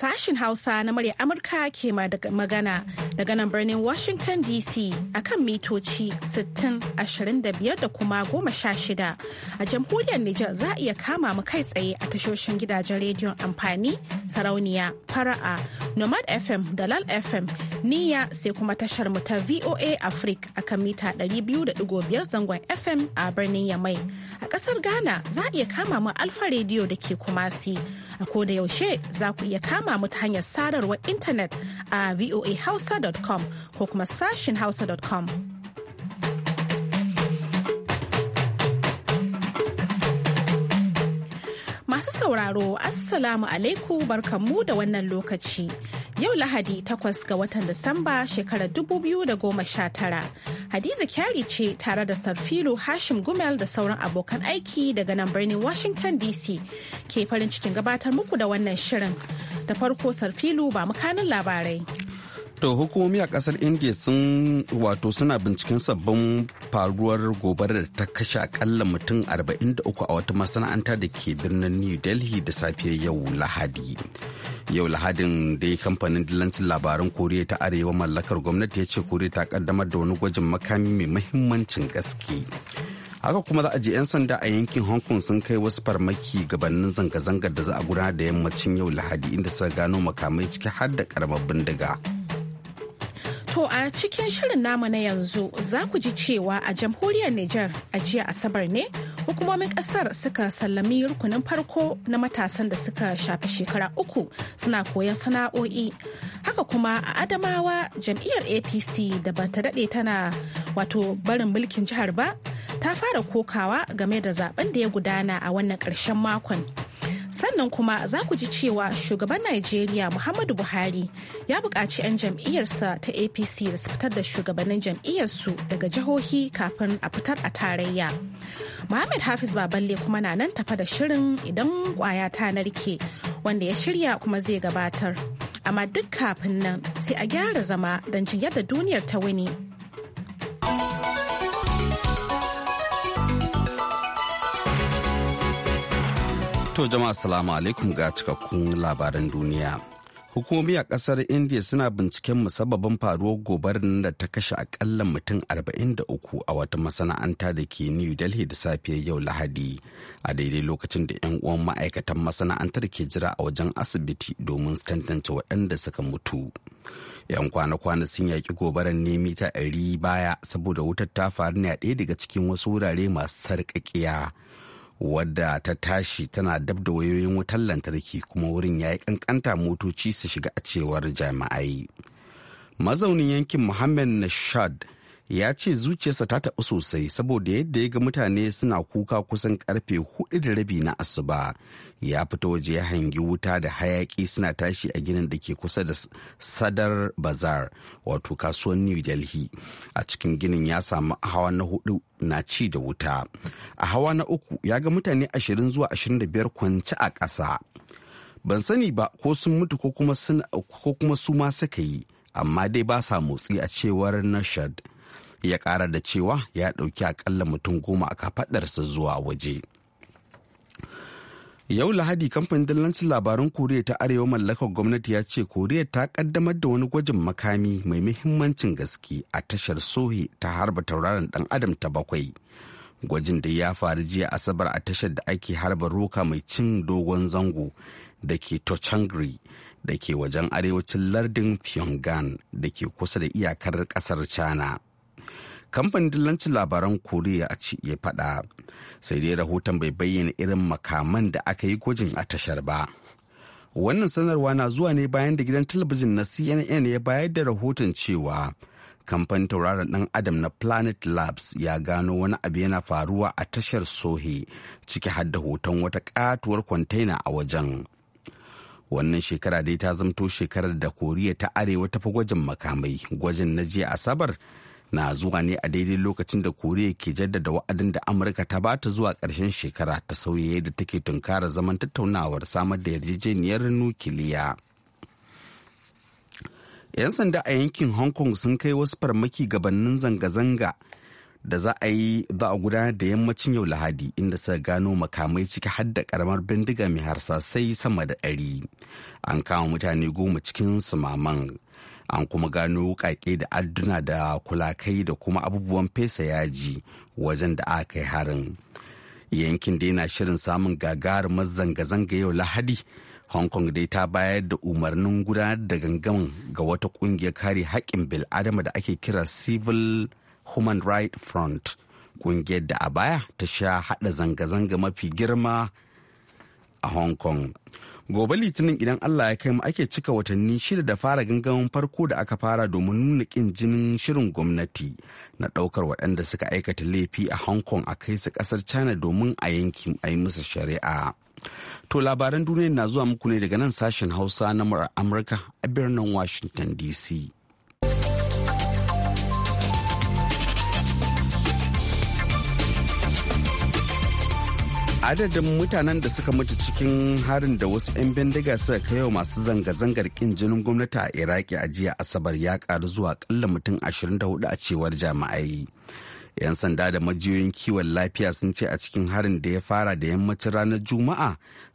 sashin Hausa na murya Amurka ke magana daga nan birnin Washington DC akan mitoci 6025 da kuma 16. A jamhuriyar Nijar za a iya kama mu kai tsaye a tashoshin gidajen rediyon amfani, sarauniya, fara'a, Nomad FM da Lal FM, Niya sai kuma tashar mu ta VOA Africa akan mita 200.5 zangon FM a birnin Yamai. A ƙasar Ghana za a iya kama mu Alfa Rediyo da ke Kumasi. A koda yaushe za ku iya kama kama mu ta hanyar sadarwar intanet a voahausa.com ko kuma sashin hausa.com. Masu sauraro, Assalamu alaikum mu da wannan lokaci. Yau Lahadi takwas ga watan Disamba shekarar dubu biyu da goma sha tara. Hadiza Kyari ce tare da Sarfilu Hashim Gumel da sauran abokan aiki daga nan birnin Washington DC ke farin cikin gabatar muku da wannan shirin. Da farko Sarfilu ba mukanin labarai. To hukumomi a kasar India sun wato suna binciken sabbin faruwar gobarar da ta kashe akalla mutum 43 a wata masana'anta da ke birnin New Delhi da safiyar yau Lahadi. Yau Lahadin dai kamfanin dillancin labaran Koriya ta Arewa mallakar gwamnati ya ce Koriya ta kaddamar da wani gwajin makami mai mahimmancin gaske. haka kuma za a je 'yan sanda a yankin hong kong sun kai wasu farmaki gabanin zanga-zangar da za a gudanar da yammacin yau lahadi inda suka gano makamai ciki har da karamar bindiga To a cikin shirin nama na yanzu za ku ji cewa a jamhuriyar Nijar a jiya Asabar ne hukumomin kasar suka sallami rukunin farko na matasan da suka shafi shekara uku suna koyon sana'o'i. Haka kuma a Adamawa jam'iyyar APC da ba ta daɗe tana wato barin mulkin jihar ba ta fara kokawa game da zaben da ya gudana a wannan ƙarshen makon. sannan kuma za ku ji cewa shugaban najeriya muhammadu buhari ya buƙaci 'yan jam'iyyarsa ta apc da su fitar da shugabannin jam'iyyarsu daga jihohi kafin a fitar a tarayya muhammad hafiz baballe kuma na nan tafa da shirin idan kwaya ta narke wanda ya shirya kuma zai gabatar amma duk kafin nan sai a gyara zama don jin yadda duniyar ta wuni. To jama'a salamu alaikum ga cikakkun labaran duniya. Hukumomi a kasar India suna binciken musabbabin faruwar gobarar da ta kashe akalla mutum 43 a wata masana'anta da ke New Delhi da safiyar yau Lahadi a daidai lokacin da 'yan uwan ma'aikatan masana'antar ke jira a wajen asibiti domin tantance waɗanda suka mutu. 'Yan kwana-kwana sun yaƙi gobarar ne mita 100 baya saboda wutar ta faru ne a ɗaya daga cikin wasu wurare masu sarƙaƙiya. wadda ta tashi tana dab da wayoyin wutar lantarki kuma wurin ya yi kankanta motoci su shiga a cewar jami'ai mazaunin yankin muhammad nashad ya ce zuciyarsa ta taɓa sosai saboda yadda ya ga mutane suna kuka kusan karfe hudu da rabi na asuba ya fita waje ya hangi wuta da hayaki suna tashi a ginin da ke kusa da sadar bazar wato kasuwan new delhi a cikin ginin ya samu hawa na hudu na ci da wuta a hawa na uku ya ga mutane ashirin zuwa ashirin da biyar kwance a ƙasa ban sani ba ko sun mutu ko kuma su ma suka yi amma dai ba sa motsi a cewar nashad ya kara da cewa ya ɗauki akalla mutum goma a kafaɗarsa zuwa waje. Yau Lahadi kamfanin dillancin labarun Koriya ta Arewa mallakar gwamnati ya ce Koriya ta kaddamar da wani gwajin makami mai muhimmancin gaske a tashar Sohe ta harba tauraron dan Adam ta bakwai. Gwajin da ya faru jiya Asabar a tashar da ake harba roka mai cin dogon zango da ke Tochangri da ke wajen arewacin lardin Pyongyang da ke kusa da iyakar kasar China. kamfanin dillancin labaran koriya a ci ya faɗa sai dai rahoton bai bayyana irin makaman da aka yi gwajin a tashar ba wannan sanarwa na zuwa ne bayan da gidan talabijin na cnn ya bayar da rahoton cewa kamfanin tauraron dan adam na planet labs ya gano wani abu yana faruwa a tashar sohe ciki har da hoton wata katuwar kwantaina a wajen wannan shekara dai ta zamto shekarar da koriya ta arewa ta fi gwajin makamai gwajin na jiya asabar na zuwa ne a daidai lokacin da koriya ke jaddada wa'adin da amurka ta bata zuwa ƙarshen shekara ta sauye da take tunkara zaman tattaunawar samar da yarjejeniyar nukiliya. 'yan sanda a yankin hong kong sun kai wasu farmaki gabanin zanga-zanga da za a yi za a gudanar da yammacin yau lahadi inda suka gano makamai ciki har da karamar bindiga mai harsasai sama da ɗari an kama mutane goma cikin sumaman an kuma gano wukake da adduna da kulakai da kuma abubuwan fesa yaji wajen da aka yi harin yankin da yana shirin samun gagarumar zanga-zanga yau lahadi hong kong dai ta bayar da umarnin gudanar da gangamin ga wata kungiyar kare haƙƙin bil'adama da ake kira civil human rights front kungiyar da a baya ta sha hada zanga-zanga mafi girma a hong kong gobe litinin idan allah ya kai mu ake cika watanni shida da fara gangamin farko da aka fara domin nuna kin jinin shirin gwamnati na daukar waɗanda suka aikata laifi a hong kong a kai su ƙasar china domin a yankin a yi musu shari'a to labaran duniya na zuwa muku ne daga nan sashen hausa na amurka a birnin washington dc adadin mutanen da suka mutu cikin harin da wasu 'yan bindiga suka kai wa masu zanga-zangar kin jinin gwamnati a iraki a jiya asabar ya karu zuwa kalla mutum 24 a cewar jami'ai 'yan sanda da majiyoyin kiwon lafiya sun ce a cikin harin da ya fara da yammacin ranar juma'a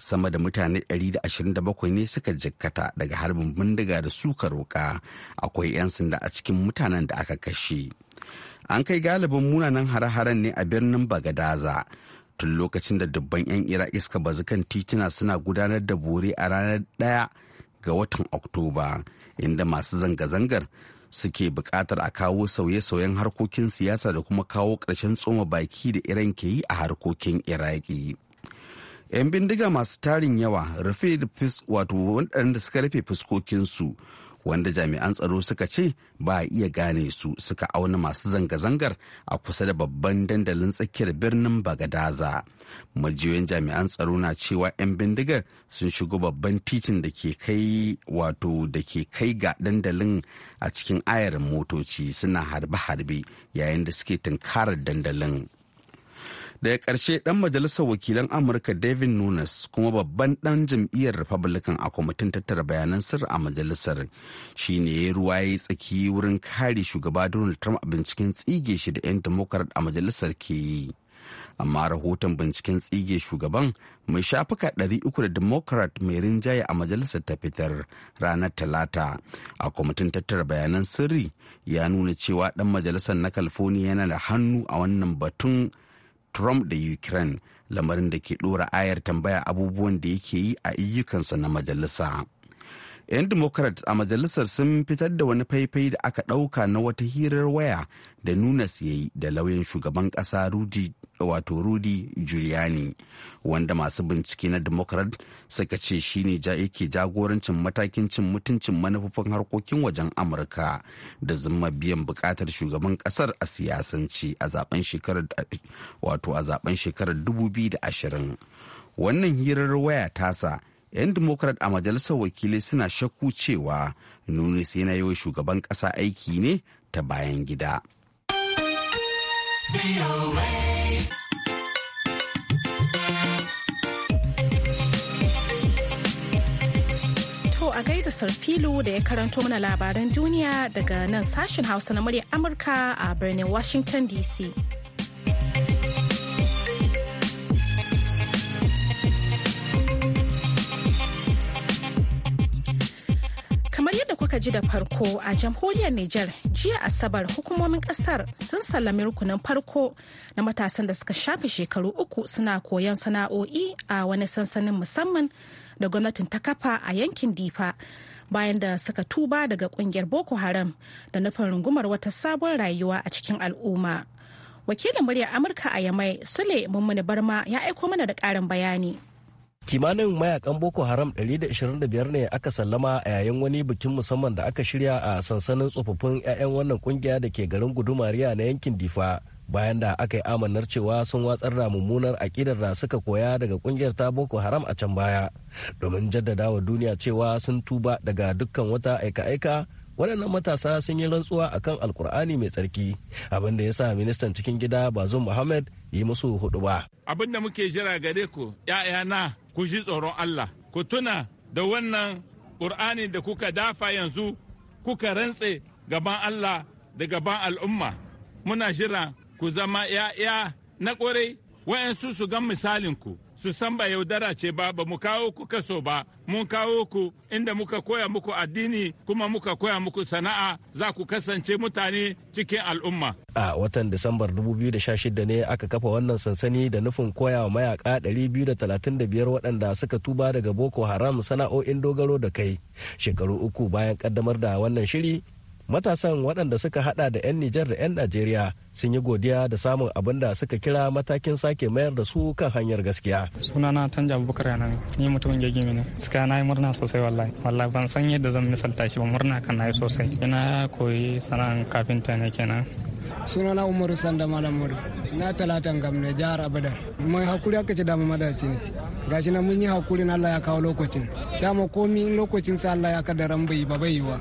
sama da mutane 127 ne suka jikkata daga harbin bindiga da suka roka akwai 'yan sanda a cikin mutanen da aka kashe an kai galibin munanan hare-haren ne a birnin bagadaza tun lokacin da dubban 'yan iraki suka bazu kan titina suna gudanar da bore a ranar ɗaya ga watan oktoba inda masu zanga-zangar suke buƙatar a kawo sauye-sauyen harkokin siyasa da kuma kawo ƙarshen tsoma baki da iran ke yi a harkokin iraki yan bindiga masu tarin yawa rufe da wato waɗanda suka rufe fuskokinsu wanda jami'an tsaro suka ce ba a iya gane su suka auna masu zanga-zangar a kusa da babban dandalin tsakiyar birnin bagadaza majiyoyin jami'an tsaro na cewa 'yan bindigar sun shigo babban titin da ke kai wato da ke kai ga dandalin a cikin ayar motoci suna harbe-harbe yayin da suke tunkarar dandalin. daga ƙarshe ɗan majalisar wakilan amurka david nunes kuma babban ɗan jam'iyyar republican a kwamitin tattara bayanan sirri a majalisar shine ya ruwa ya tsaki wurin kare shugaba donald trump a binciken tsige shi da 'yan democrat a majalisar ke yi amma rahoton binciken tsige shugaban mai shafuka 300 da democrat mai rinjaye a majalisar ta fitar ranar talata a kwamitin tattara bayanan sirri ya nuna cewa ɗan majalisar na california yana da hannu a wannan batun trump da ukraine lamarin da ke ɗora ayar tambaya abubuwan da yake yi a ayyukansa na majalisa. 'yan democrats a majalisar sun fitar da wani faifai da aka ɗauka na wata hirar waya da nuna siyayi da lauyan shugaban ƙasa rudy wato rudy giuliani wanda masu bincike na democrat suka ce shine ja yake jagorancin matakin cin mutuncin manufofin harkokin wajen amurka da zuma biyan bukatar shugaban ƙasar a siyasance a zaben shekarar wato a zaben shekarar 2020 wannan hirar waya tasa 'yan democrat a majalisar wakilai suna shakku cewa nunes yana yi wa shugaban ƙasa aiki ne ta bayan gida. a gaida sarfilu da ya karanto mana labaran duniya daga nan sashen hausa na murya amurka a birnin washington dc ji da farko a jamhuriyar Nijar jiya Asabar hukumomin kasar sun sallami rukunin farko na matasan da suka shafe shekaru uku suna koyon sana'o'i a wani sansanin musamman da gwamnatin ta kafa a yankin Difa bayan da suka tuba daga kungiyar Boko Haram da nufin rungumar wata sabon rayuwa a cikin al'umma. Wakilin muryar Amurka a Yamai Sule Mummuni Barma ya aiko mana da ƙarin bayani. kimanin mayakan boko haram 125 ne aka sallama a yayin wani bikin musamman da aka shirya a sansanin tsofaffin 'ya'yan wannan kungiya da ke garin gudumariya na yankin difa bayan da aka yi amannar cewa sun watsar da mummunar aƙidar da suka koya daga kungiyar ta boko haram a can baya domin jaddada wa duniya cewa sun tuba daga dukkan wata aika-aika waɗannan matasa sun yi rantsuwa a kan alkur'ani mai tsarki abinda da ya sa ministan cikin gida bazum muhammad yi musu hudu ba abin da muke jira gare ku ‘ya'yana ku ji tsoron allah ku tuna da wannan ƙur'ani da kuka dafa yanzu kuka rantse gaban allah da gaban al'umma muna jira ku zama ‘ya'ya na ƙwarai wa'yansu su gan ku su san ba yaudara ce ba ba mu kawo ku kaso ba mun kawo ku inda muka koya muku addini kuma muka koya muku sana'a za ku kasance mutane cikin al'umma. A watan Disambar 2016 ne aka kafa wannan sansani da nufin koya wa mayaka 235 waɗanda suka tuba daga Boko Haram sana'o'in dogaro da kai. Shekaru uku bayan ƙaddamar da wannan shiri matasan waɗanda suka hada da 'yan nijar da 'yan najeriya sun yi godiya da samun abin da suka kira matakin sake mayar da su kan hanyar gaskiya sunana tanja abubakar yana ni mutumin gegime ne suka na yi murna sosai wallahi wallahi ban san yadda zan misalta shi ba murna kan na yi sosai ina koyi sana'an kafinta ne kenan sunana umaru sanda malamuri na talatan gamne jihar abada mai hakuri aka ce damu madaci ne gashi na mun yi hakuri na allah ya kawo lokacin dama komi lokacin sa allah ya kadara bai ba bai yiwa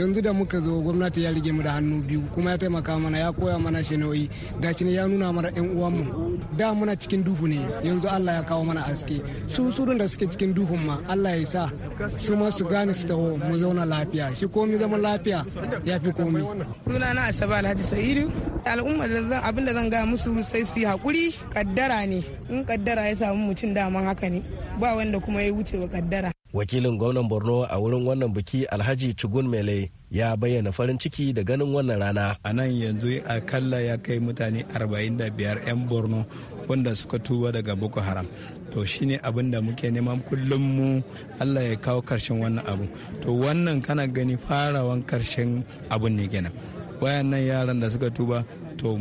yanzu da muka zo gwamnati ya rige mu da hannu biyu kuma ya taimaka mana ya koya mana ga gashi ne ya nuna mana yan uwanmu da muna cikin duhu ne yanzu Allah ya kawo mana aske su surun da suke cikin duhun ma Allah ya sa su ma su gane su taho mu zauna lafiya shi komi zama lafiya ya fi komi sunana Asaba Alhaji Sa'idu al'umma da abin da zan gaya musu sai su yi haƙuri kaddara ne in kaddara ya samu mutum daman haka ne ba wanda kuma ya wuce wa kaddara wakilin gwamnan borno a wurin wannan biki alhaji cigun mele ya bayyana farin ciki da ganin wannan rana a nan yanzu akalla ya kai mutane 45 'yan borno wanda suka tuba daga boko haram to shine abin da muke neman kullum mu allah ya kawo karshen wannan abu to wannan kana gani farawan karshen abun ne kenan wayannan yaran da suka tuba to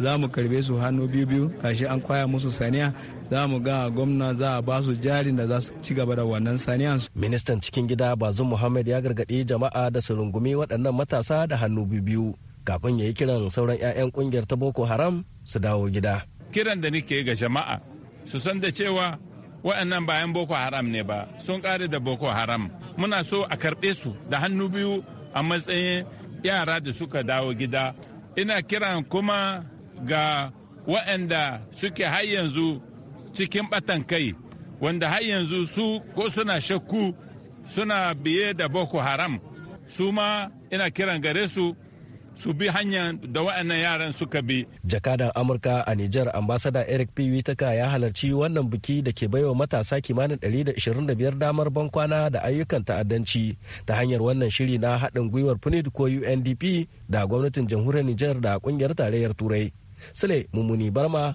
za mu karbe su hannu biyu biyu gashi an kwaya musu saniya za mu ga gwamna za a ba su jarin da za su ci gaba da wannan su. Ministan cikin gida Bazum Muhammad ya gargaɗi jama'a da su rungumi waɗannan matasa da hannu biyu kafin ya yi kiran sauran 'ya'yan kungiyar ta Boko Haram su dawo gida. Kiran da nake ga jama'a su san da cewa waɗannan bayan Boko Haram ne ba sun kare da Boko Haram. Muna so a karɓe su da hannu biyu a matsayin yara da suka dawo gida. Ina kiran kuma ga waɗanda suke har yanzu cikin batan kai wanda har yanzu su ko suna shakku suna biye da boko haram su ma ina kiran gare su su bi hanyar da waɗannan yaran suka bi. Jakadan Amurka a Nijar ambasada Eric P. Witaka ya halarci wannan biki da ke baiwa matasa kimanin 125 damar bankwana da ayyukan ta'addanci ta hanyar wannan shiri na haɗin gwiwar PNUD ko UNDP da gwamnatin jamhuriyar Nijar da ƙungiyar tarayyar Turai. Sule Mummuni Barma,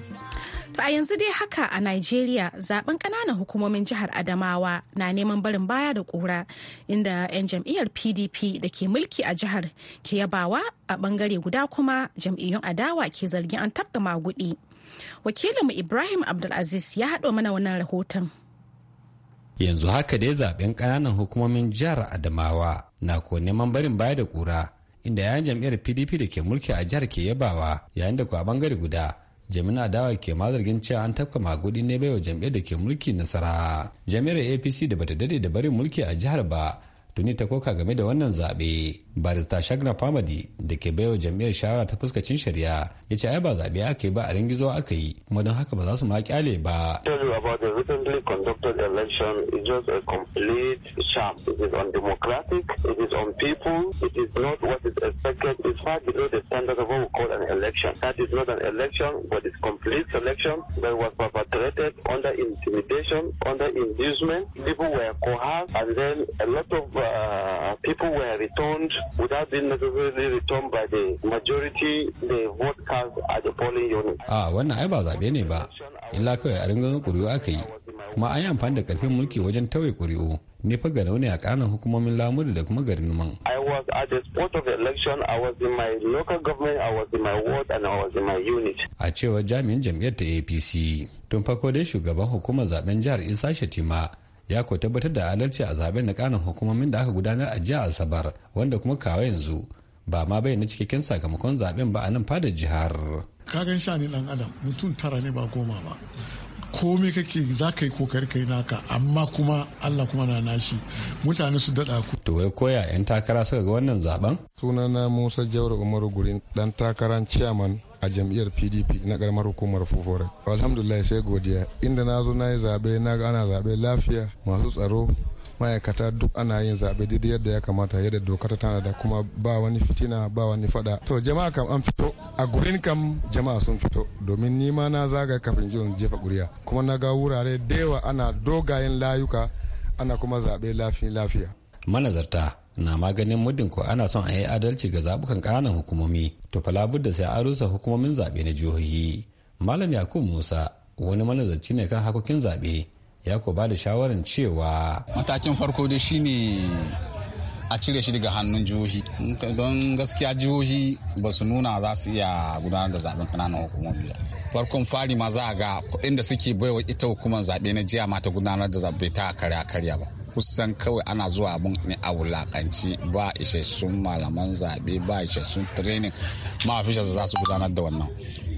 a yanzu dai haka a Najeriya zaben ƙananan hukumomin jihar Adamawa na neman barin baya da ƙura inda 'yan jam'iyyar PDP da ke mulki a jihar ke yabawa a ɓangare guda kuma jam'iyyun adawa ke zargin an tabga maguɗi. Wakilinmu Ibrahim Abdulaziz ya haɗo mana wannan rahoton. Yanzu haka dai zaben ƙananan hukumomin jihar Adamawa na ko neman barin baya da ƙura inda 'yan jam'iyyar PDP da ke mulki a jihar ke yabawa yayin da ku a ɓangare guda jami'in dawa ke ma zargin cewa an tafka magudi ne baiwa jam'iyyar da ke mulki nasara jami'ar apc da bata dade da barin mulki a jihar ba tuni ta koka game da wannan zaɓe barista shagna famadi da ke baiwa jam'iyyar shawara ta fuskacin shari'a ya ce ai ba zaɓe aka yi ba a ringizo aka yi kuma don haka ba za su ma kyale ba. conducted election is just a complete sham. It is undemocratic. It is on people. It is not what is expected. It's far below the standard of what we call an election. That is not an election, but it's complete selection that was perpetrated under intimidation, under inducement. People were coerced, and then a lot of uh, people were returned without being necessarily returned by the majority, the vote cast at the polling unit. Ah, wannan ai ba zaɓe ne ba, illa kawai a ringan kuri'u aka yi. kuma an yi amfani da karfin mulki wajen tauye kuri'u ne fa ga launi a kanan hukumomin lamuri da kuma garin numan. I was at the spot of election, I was in my local government, I was in my ward and I was in my unit. A cewar jami'in jam'iyyar ta APC, tun farko dai shugaban hukumar zaben jihar Isa Shatima ya ko tabbatar da alalci a zaben na kanan hukumomin da aka gudanar a jiya Asabar wanda kuma kawo yanzu ba ma bayyana cikakken sakamakon zaben ba a nan fadar jihar. Kagan sha ne dan adam mutum tara ne ba goma ba. komai kake za ka yi kokari kai naka amma kuma Allah kuma na nashi mutane su daɗa ku. To wai koya 'yan takara suka ga wannan zaben? Sunana Musa jawar Umaru Gurin dan takaran chairman a jam'iyyar pdp na karamar hukumar fufore alhamdulillah sai godiya inda na zo na yi zaɓe na ga ana zaɓe lafiya masu tsaro ma'aikata duk ana yin zaɓe daidai yadda ya kamata yadda doka ta tana da kuma ba wani fitina ba wani fada to jama'a kam an fito a gurin kam jama'a sun fito domin ni ma na zaga kafin jin jefa guriya kuma na ga wurare da yawa ana dogayen layuka ana kuma zaɓe lafiya manazarta na maganin muddin ko ana son a yi adalci ga zabukan ƙananan hukumomi to fa da sai an rusa hukumomin zaɓe na jihohi malam yakubu musa wani manazarci ne kan hakokin zaɓe ya ko ba da shawarar cewa matakin farko dai shine a cire shi daga hannun jihohi don gaskiya jihohi ba su nuna za su iya gudanar da zaben kananan hukumomi ba farkon fari ma za a ga kuɗin da suke baiwa ita hukumar zaɓe na jiya ma ta gudanar da zaɓe ta karya karya ba kusan kawai ana zuwa abun ne a wulakanci ba isassun malaman zaɓe ba isassun training ma officials za su gudanar da wannan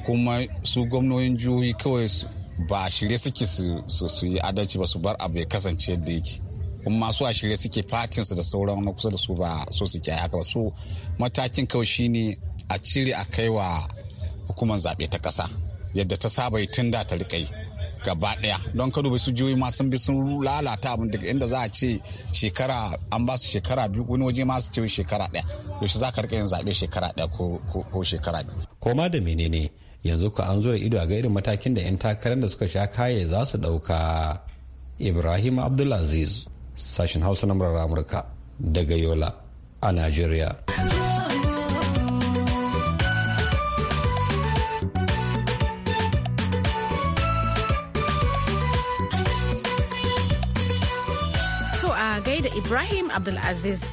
kuma su gwamnoyin jihohi kawai ba a shirye suke su yi adalci ba su bar abu ya kasance yadda yake kuma masu a shirye suke fatin su da sauran na kusa da su ba so suke haka ba so matakin kawai shine a cire a kai wa hukumar zaɓe ta ƙasa yadda ta saba yi tun da ta riƙa gaba ɗaya don kado bai su jiyoyi ma sun bi sun lalata abin daga inda za a ce shekara an ba su shekara biyu wani waje ma su ce shekara ɗaya yaushe za ka riƙa yin zaɓe shekara ɗaya ko shekara biyu. koma da menene yanzu ka an zura ido a ga irin matakin da 'yan takarar da suka sha kaye za su ɗauka ibrahim abdulaziz sashen hausa na murar amurka daga yola a nigeria to a gaida ibrahim abdulaziz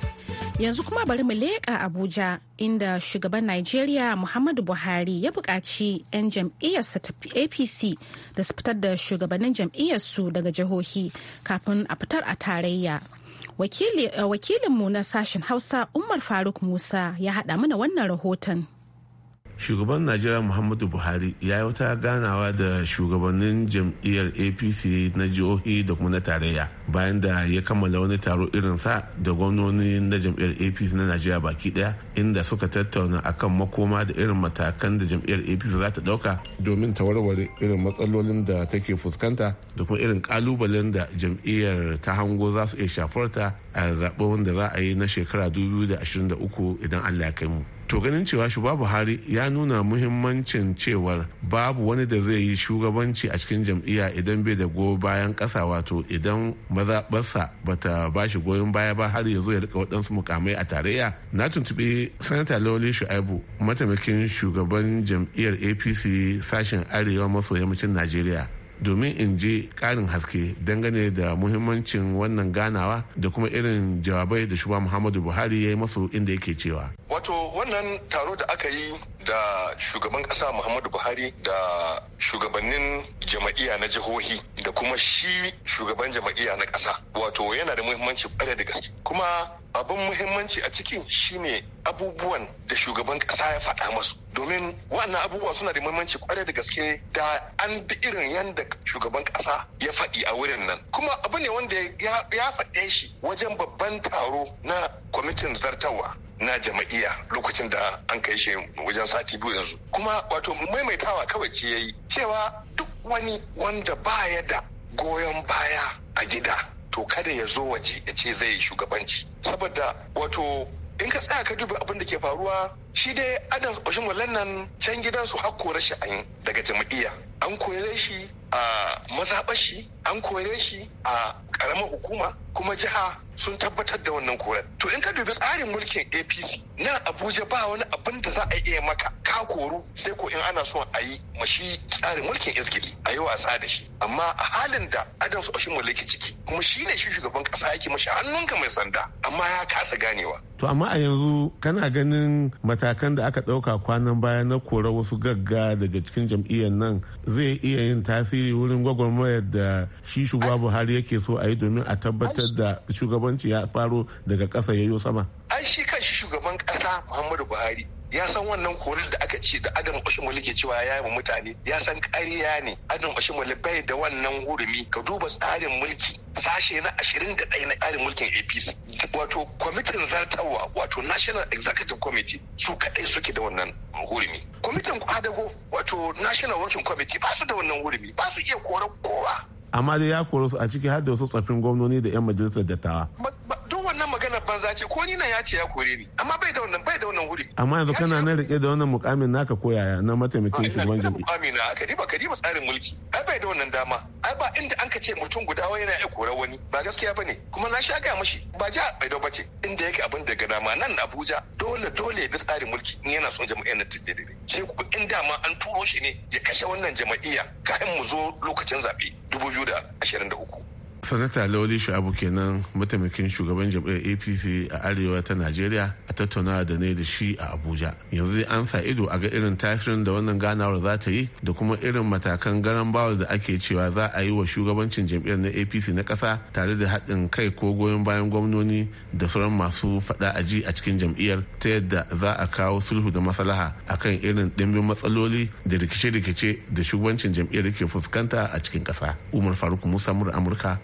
Yanzu kuma bari mu leƙa Abuja inda shugaban nigeria Muhammadu Buhari ya buƙaci 'yan jam'iyyarsa ta APC da su fitar da shugabannin jam'iyyarsu daga jihohi kafin a fitar a tarayya. Eh, wakilinmu na sashen Hausa Umar Faruk Musa ya haɗa mana wannan rahoton. shugaban najeriya muhammadu buhari ya yi wata ganawa da shugabannin jam'iyyar apc na jihohi da kuma na tarayya bayan da ya kammala wani taro irin sa da gwamnoni na jam'iyyar apc na najeriya baki daya inda suka tattauna akan makoma da irin matakan da jam'iyyar apc za ta dauka domin ta warware irin matsalolin da take fuskanta da kuma irin kalubalen da jam'iyyar ta hango za su iya shafarta a zaɓen da za a yi na shekara 2023 idan allah ya kai mu to ganin cewa shugaba buhari ya nuna muhimmancin cewar babu wani da zai yi shugabanci a cikin jam'iyya idan bai da go bayan kasa wato idan mazaɓarsa bata ba shi goyon baya ba har ya zo ya rika waɗansu mukamai a tarayya na tuntuɓi sanata lawali shu'aibu mataimakin shugaban jam'iyyar apc sashen arewa maso yammacin najeriya domin in je karin haske dangane da muhimmancin wannan ganawa da kuma irin jawabai da shugaba muhammadu buhari ya yi masu inda yake cewa wato wannan taro da aka yi da shugaban kasa Muhammadu Buhari da shugabannin jama'iya na jihohi da kuma shi shugaban jama'iya na kasa wato yana da muhimmanci kwarai da gaske kuma abin muhimmanci a cikin shine abubuwan da shugaban kasa ya faɗa masu domin wannan abubuwa suna da muhimmanci kwarai da gaske da an bi irin yadda shugaban kasa ya faɗi a wurin nan kuma abu ne wanda ya faɗe shi wajen babban taro na kwamitin zartawa na jama'iya lokacin da an kai shi wajen sati biyu yanzu kuma wato maimaitawa kawai ce yayi cewa duk wani wanda baya da goyon baya a gida to kada ya zo waje ya ce zai shugabanci saboda wato in ka tsaya ka duba abin da ke faruwa shi dai adam oshin wallan nan can gidan su hakko rashi an daga jam'iyya an kore shi a maza shi an kore shi a karamar hukuma kuma jiha sun tabbatar da wannan koren to in ka dubi tsarin mulkin apc na abuja ba wani abin da za a iya maka ka koru sai ko in ana son a yi mashi tsarin mulkin iskili a yi wasa da shi amma a halin da adam su oshin mulki ciki kuma shi ne shi shugaban kasa yake mashi hannunka mai sanda amma ya kasa ganewa to amma a yanzu kana ganin matakan da aka ɗauka kwanan baya na kora wasu gagga daga cikin jam'iyyar nan zai iya yin tasiri wurin gwagwarmayar da shi shugaba buhari yake so a yi domin a tabbatar da shugabanci ya faro daga ƙasa yayo sama ai shi shugaban ƙasa Muhammadu Buhari ya san wannan korin da aka ce da adam Oshimoli ke cewa ya yi wa mutane ya san ƙarya ne adam Oshimoli bai da wannan hurumi ka duba tsarin mulki sashe na 21 na tsarin mulkin apc wato kwamitin zartarwa wato national executive committee su kadai suke da wannan hurumi kwamitin kwadago wato national working committee ba su da wannan hurumi ba su iya korar kowa amma dai ya kore su a ciki har da wasu tsaffin gwamnoni da 'yan majalisar dattawa banza ce ko ni nan ya ce ya kore ni amma bai da wannan bai da wannan wuri amma yanzu kana nan rike da wannan mukamin naka koyaya na mataimakin ah, shugaban jami'a mukami na aka diba ka diba tsarin mulki ai bai da wannan dama ai ba inda an ka ce mutum guda wai yana iya kore wani ba gaskiya bane kuma na sha ga mashi ba ja bai da bace inda yake abin daga dama nan Abuja dole dole bi tsarin mulki in yana son jama'iyyar na tiddire ce ku inda ma an turo shi ne ya kashe wannan jama'iyya in mu zo lokacin zabe 2023 sanata lauli sha'abu kenan mataimakin shugaban jam'iyyar apc a arewa ta najeriya a tattaunawa da ne da shi a abuja yanzu an sa ido a ga irin tasirin da wannan ganawar za ta yi da kuma irin matakan garan bawa da ake cewa za a yi wa shugabancin jam'iyyar na apc na ƙasa tare da haɗin kai ko goyon bayan gwamnoni da sauran masu faɗa a ji a cikin jam'iyyar ta yadda za a kawo sulhu da maslaha kan irin ɗimbin matsaloli da rikice-rikice da shugabancin jam'iyyar ke fuskanta a cikin ƙasa umar faruk musa mura amurka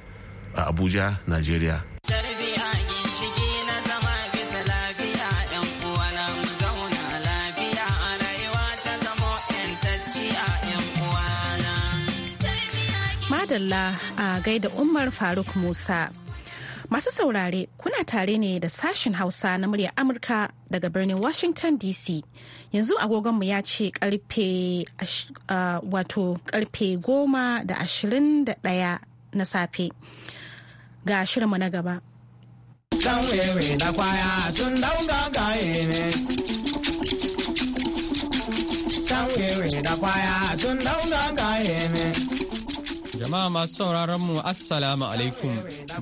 a Abuja, Najeriya. Madalla a gaida Umar Faruk Musa. Masu saurare kuna tare ne da sashen Hausa na murya Amurka daga birnin Washington DC. Yanzu agogonmu ya ce karfe goma da ashirin ɗaya na safe ga shirinmu na gaba Jama'a masu sauraron mu Assalamu alaikum.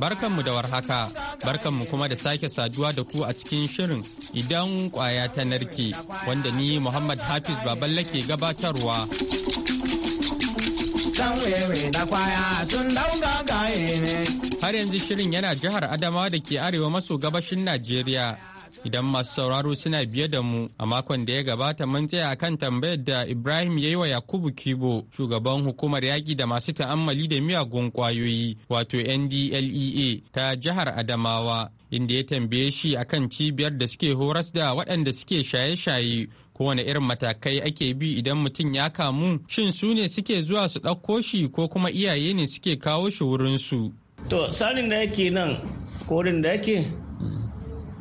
Barkanmu da warhaka. Barkanmu kuma da sake saduwa da ku a cikin shirin idan kwaya ta narke wanda ni Muhammad Hafiz Baballe ke gabatarwa. wewe da kwaya sun dauga gaye ne. Har yanzu shirin yana jihar Adamawa da ke arewa maso gabashin Najeriya. Idan masu sauraro suna biye da mu a makon da ya gabata mun tsaya akan tambayar da Ibrahim ya yi wa Yakubu Kibo shugaban hukumar yaƙi da masu ta'ammali da miyagun ƙwayoyi wato NDLEA ta jihar Adamawa inda ya tambaye shi akan cibiyar da suke horas da waɗanda suke shaye-shaye kowane irin matakai ake bi idan mutum ya kamu shin su ne suke zuwa su ɗauko shi ko kuma iyaye ne suke kawo shi wurin to sanin da yake nan korin da yake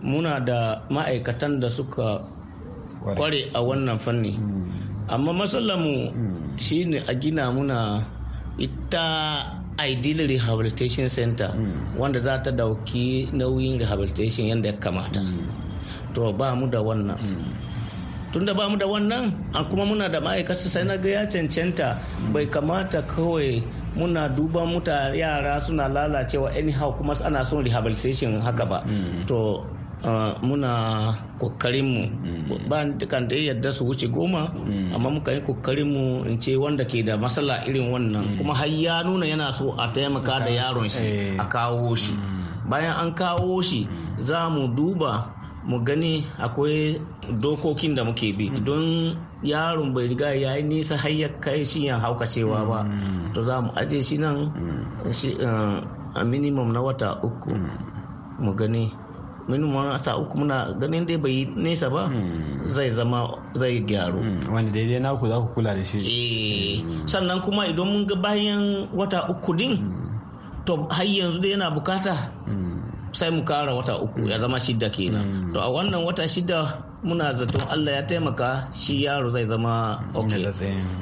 muna da ma'aikatan da suka kware a wannan fanni hmm. amma mu hmm. shine a gina muna ita ideal rehabilitation center hmm. wanda za ta dauki nauyin rehabilitation yadda ya kamata to ba mu da wannan tunda ba mu da wannan a kuma muna da ma'aikata sai na ga ya cancanta bai kamata kawai muna duba muta yara suna lalacewa anyhow kuma ana son rehabilitation haka ba mm. to muna kokarin mm. ba dukan da yadda su wuce goma mm. amma muka yi kokarin mu in ce wanda ke da matsala irin wannan kuma har ya nuna yana so a taimaka da yaron shi a eh. kawo shi bayan an kawo shi za mu duba mu gani akwai dokokin da muke bi mm. don yaron bai riga ya yi nisa har ya kai shi ya cewa ba mm. to za mu aje shi nan mm. uh, a minimum na wata uku mu gani minimum wata uku muna ganin dai bai nesa ba zai zama zai gyaru Wani daidai na ku za ku kula da shi eh. sannan kuma idan mun ga bayan wata uku din to har yanzu dai yana bukata sai mu kara wata uku ya zama shidda kenan hmm. to a wannan wata shida muna zaton Allah ya taimaka shi yaro zai zama hmm, okay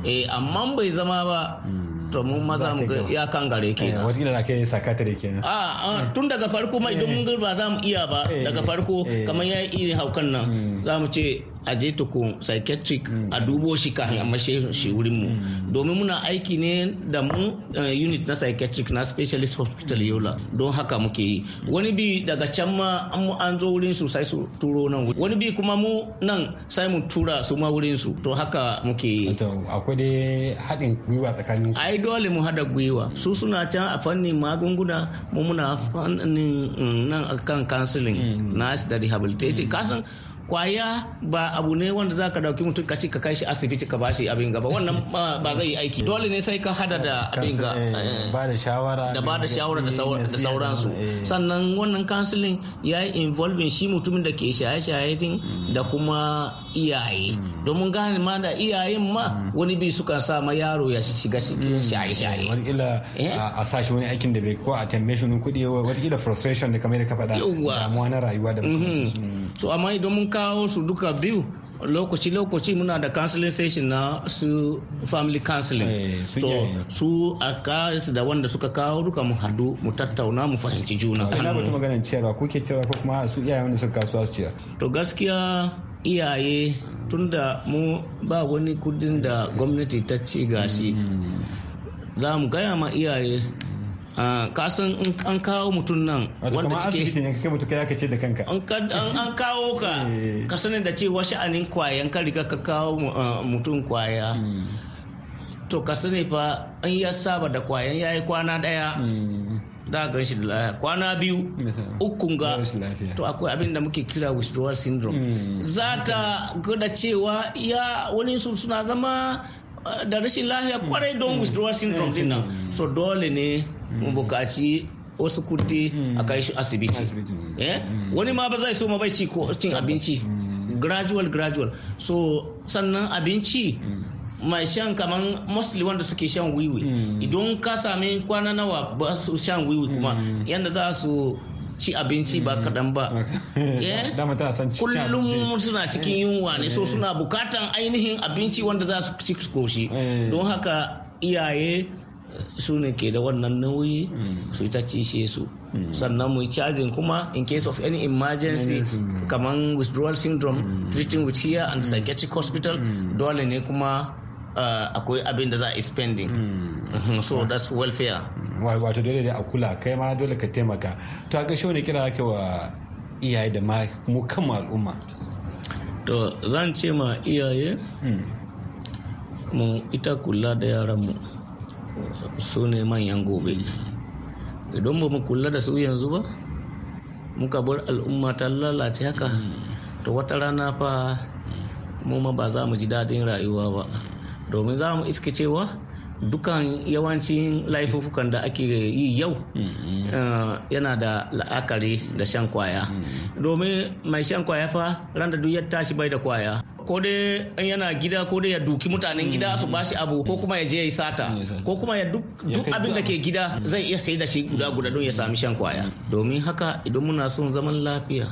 eh amma bai zama ba hmm. to mun maza mu ya kan gare ke na eh, wata na kai sakata da kenan a ah, ah, tun daga farko mai don mun eh. ba za mu iya ba daga eh. farko kamar yayi iri irin haukan nan za mu ce a je tukun psychiatric mm. a dubo shi kafin a mashe shi wurin mu mm. domin muna aiki ne da mu eh, unit na psychiatric na specialist hospital yola don haka muke yi wani bi daga can ma an zo wurin su sai su turo nan wani bi kuma mu nan sai mu tura su ma wurin su to haka muke yi akwai dai haɗin gwiwa tsakanin ai dole mu haɗa gwiwa su suna can a fannin magunguna mu muna fannin mm, nan akan counseling na da rehabilitative kasan kwaya ba abu ne wanda za ka dauki mutum ka ci ka kai shi asibiti ka bashi abin gaba wannan ba zai yi aiki dole ne sai ka hada da abin ga da shawara da ba da shawara da sauransu eh. sannan wannan counseling ya yi involving shi mutumin da ke shaye-shaye din hmm. da kuma iyaye hmm. domin gane ma da iyayen ma hmm. wani bi suka sa ma yaro ya shiga shaye-shaye wadakila eh? a sashi wani aikin da bai ko a tambaye shi kuɗi wadakila frustration da kamar da ka faɗa damuwa na rayuwa da mutum so amma idan mun kawo su duka biyu lokaci-lokaci muna da counseling session na su family counseling eh, so su a da wanda suka kawo duka mu hadu mu tattauna mu fahimci juna kana bata maganar ciyarwa ke ciyarwa ko kuma su iyaye wanda suka kasuwa su ciyar to gaskiya iyaye tunda mu ba wani kudin da gwamnati ta ci gashi hmm. za mu gaya ma iyaye Ah, ka san an kawo mutum nan wanda cike asibiti ne kake mutu kai ce da kanka an kawo ka eh. ka sani da wasu anin kwayan ka riga ka kawo ah, mutum kwaya hmm. to ka sani fa an ya saba da kwayan yayi kwana daya Da hmm. gan shi da laya kwana biyu ukun ga to akwai abin da muke kira withdrawal syndrome hmm. za ta gada cewa ya wani su suna zama ah, da rashin lafiya kwarai don withdrawal syndrome din nan so dole ne mu bukaci wasu kurti a kai shi asibiti eh? mm. wani ma ba zai so ma bai ci cin abinci mm. gradual gradual so sannan abinci mm. mai shan kamar mostly wanda suke shan wiwi idan ka sami kwana nawa ba su shan wiwi kuma yadda za su ci abinci ba kadan ba eh? kullum suna cikin yunwa ne so eh. suna bukatan ainihin abinci wanda za su ci koshi don haka iyaye su ne ke da wannan nauyi mm. su ta cishe su mm. sannan mu cajin kuma in case of any emergency mm. kamar withdrawal syndrome treating with here and psychiatric hospital dole ne kuma uh, akwai abin da za a spending mm-hmm. so that's welfare wato dole ne a kula kai ma dole ka taimaka to a gashi wani kira ake wa iyaye da ma mu kama al'umma to zan ce ma iyaye mu ita kula da yaran mu su ne manyan gobe idan ba mu kula da su yanzu ba muka bar al'umma ta lalace haka to wata rana fa mu ma ba za mu ji daɗin rayuwa ba domin za mu iske cewa dukan yawancin laifufukan da ake yi yau eh, yana da la'akari da shan kwaya mm-hmm. domin mai shan kwaya fa ran da duk ya tashi bai da kwaya ko dai yana gida ko dai ya duki mutanen gida su mm. bashi abu ko kuma ya je ya yi sata mm. Mm. ko kuma ya duk abin da ke gida zai iya sai da shi guda guda don ya sami shan kwaya domin haka idan muna son zaman lafiya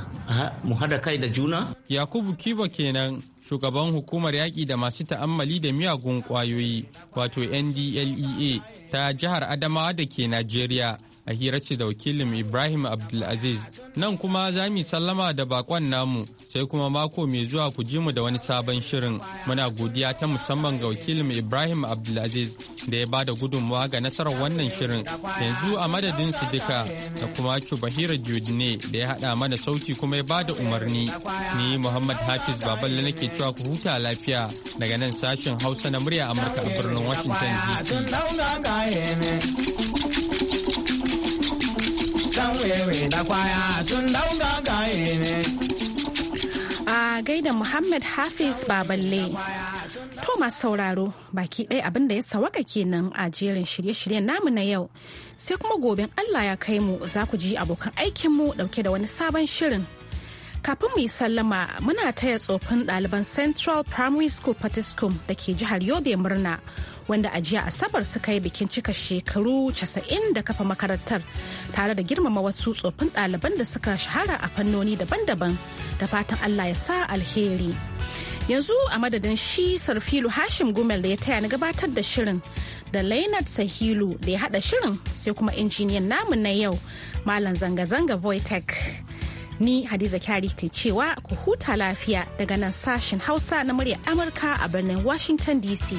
mu hada kai da juna yakubu kiba kenan shugaban hukumar yaƙi da masu ta'ammali da miyagun ƙwayoyi wato ndlea ta jihar adamawa da ke najeriya a hirarci da wakilin Ibrahim Abdulaziz. Nan kuma za mu sallama da bakon namu sai kuma mako mai zuwa ku ji mu da wani sabon shirin. Muna godiya ta musamman ga wakilin Ibrahim Abdulaziz da ya bada gudunmawa ga nasarar wannan shirin. Yanzu a madadin su duka da kuma Bahira Jodine da ya haɗa mana sauti kuma ya bada umarni. Ni Muhammad Hafiz Baballe nake cewa ku huta lafiya daga nan sashen Hausa na murya Amurka a birnin Washington DC. A gaida Muhammad Hafiz Baballe. To masu sauraro baki ɗaya abin da ya sawaka kenan a jerin shirye-shiryen namu na yau. Sai kuma gobin Allah ya kai mu za ku ji abokan aikinmu ɗauke da wani sabon shirin. Kafin mu yi sallama muna taya tsofin ɗaliban Central Primary School Patiskum da ke jihar Yobe murna. wanda a jiya asabar suka yi bikin cika shekaru 90 da kafa makarantar tare da girmama wasu tsofin ɗaliban da suka shahara a fannoni daban-daban da fatan allah ya sa alheri yanzu a madadin shi sarfilu hashim gumel da ya taya na gabatar da shirin da Leonard Sahilu da ya hada shirin sai kuma injiniyan namu na yau Malam zanga-zanga Voitech. Ni Hadiza Kyari ke cewa ku huta lafiya daga nan sashen Hausa na murya Amurka a birnin Washington DC.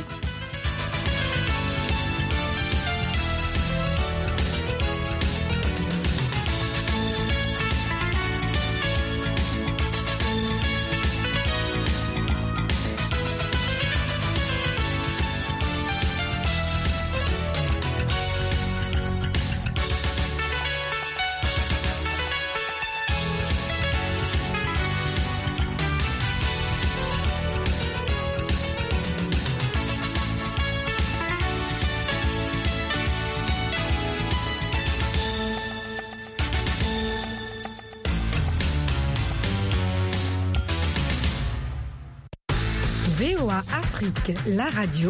la radio